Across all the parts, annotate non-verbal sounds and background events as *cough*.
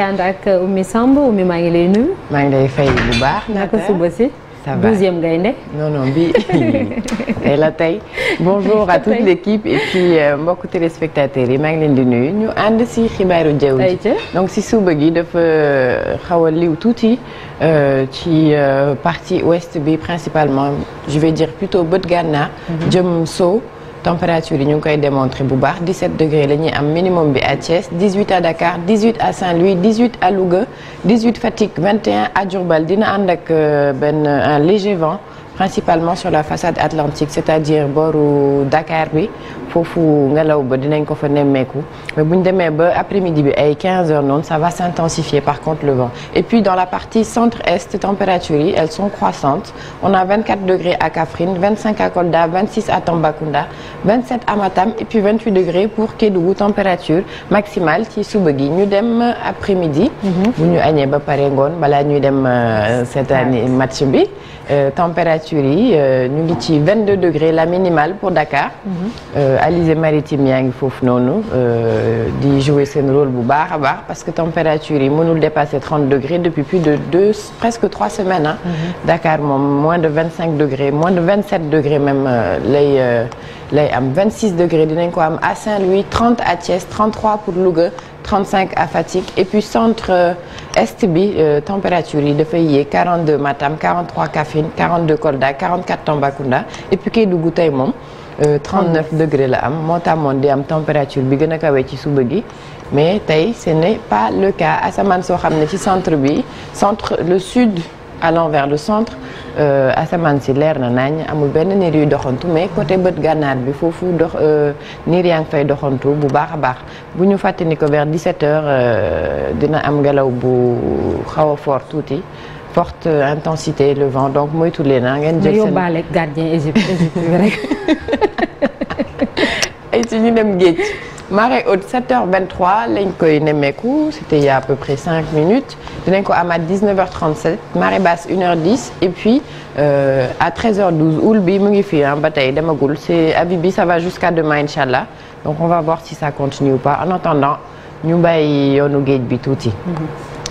ànd ak euh, Oumy Samb Oumy maa ngi lay nuyu. maa ngi lay fay bu baax. naka suba si. ça va douzième gaynde non non bi tey la *laughs* tey bonjour à toute l'équipe et puis mbokk euh, téléspectateurs yi maa ngi leen di nuyu ñu ànd si xibaaru jaww ji donc si suba gi dafa euh, xaw a liw tuuti euh, ci partie ouest bi principalement je vais dire plutôt bët gànnaar mhm. jëm sow température yi ñu ngi koy démontrer bu baax 17 degré la ñuy am minimum bi à Thiès 18 à Dakar 18 à Saint-Louis 18 à Louga 18 Fatick 21 à Diourbel dina ànd ak euh, benn un léger vent. principalement sur la façade atlantique c'est-à-dire booru Dakar bi foofu ngelaw ba dinañ ko fa nemmeeku mais bu ñu demee ba après-midi bi ay 15 heures noonu ça va s'intensifier par contre le vent et puis dans la partie centre-est température elles sont croissantes on a 24 degrés à Kaffrine à Kolda à Tambacounda à Matam et degrés pour Kédougou température maximale ci suba gi dem après-midi. Mhm. bu ñu añee ba pare ngoon balaa ñuy dem euh, cette année match euh, température euh, yi ñu ngi la minimale pour Dakar. Mhm. Euh, alizé maritime yaa ngi foofu euh, di jouer seen rôle a baax parce yi mënul de deux presque trois semaines ah. Dakar moom moins de 25 degrés moins de 27 degrés même lay am 26 degré dinañ ko am à Saint-Louis 30 à Thiès 33 pour Louga cinq à Fatick et puis centre euh, est bi euh, température yi dafay yéeg 42 Matam 43 Kaffrine 42 Kolda 44 Tambacounda et puis Kédougou tey moom. 39 euh, degré la am moo tàmmoon di am température bi gën a kawee ci suba gi mais tey ce n'est pas le cas asamaan soo xam ne ci centre bi centre le sud. allant vers le centre euh, asamaan si leer na nañ amul benn niir yuy doxantu mais côté bët gànnaar bi foofu dox euh, niir yaa ngi fay doxantu bu baax a baax bu ñu fàtte ni ko vers 17 euh, dina am ngelaw bu xaw a fort tuuti forte intensité le vent donc moytu leen naa ah, ngeen. jël seen yóbbaale ay ci *laughs* ñu dem géej. marée haute 7h23 lañ koy nemmeeku c'était à peu près 5 minutes dinañ ko amaat 19h37 marée basse 1h10 et puis euh, à mu ngi fii ah ba tey demagul c'est avis bi ça va jusqu'à demain allah donc on va voir si ça continue ou ñu bàyyi yoonu géej bi tuuti.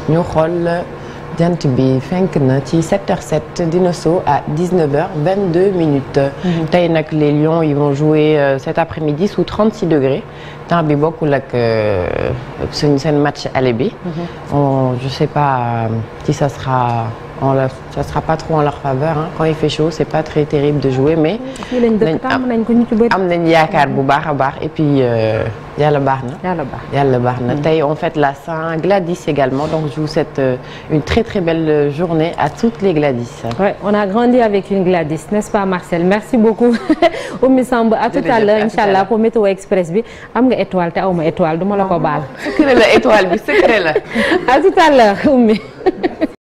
Mm-hmm. ñu bi fenk na ci 7h07 dina soo à 19h22 minutes. Mm-hmm. tey nag les lions ils vont jouer euh, cet après-midi sous 36 degrés. temps bi bokkul ak euh, suñ seen match aller bi. Mhm. on je sais pas euh, si ça sera. on la ça sera pas trop en leur faveur hein. quand il fait chaud c'est pas terrible de jouer mais. am nañ yaakaar bu baax a baax et puis euh, yàlla baax na. yàlla baax na mm. tey on fait la Saint Gladys également donc je vous souhaite euh, une très très belle euh, journée à toutes les Gladys. Ouais, n'est-ce pas Marcel merci beaucoup *laughs* Oumy Samb à tout à l'heure inchallah pour météo express bi am nga étoile te aw ma étoile duma la ko baal. secret a étoile bi secret la. *laughs* à tout à l'heure Oumy *laughs*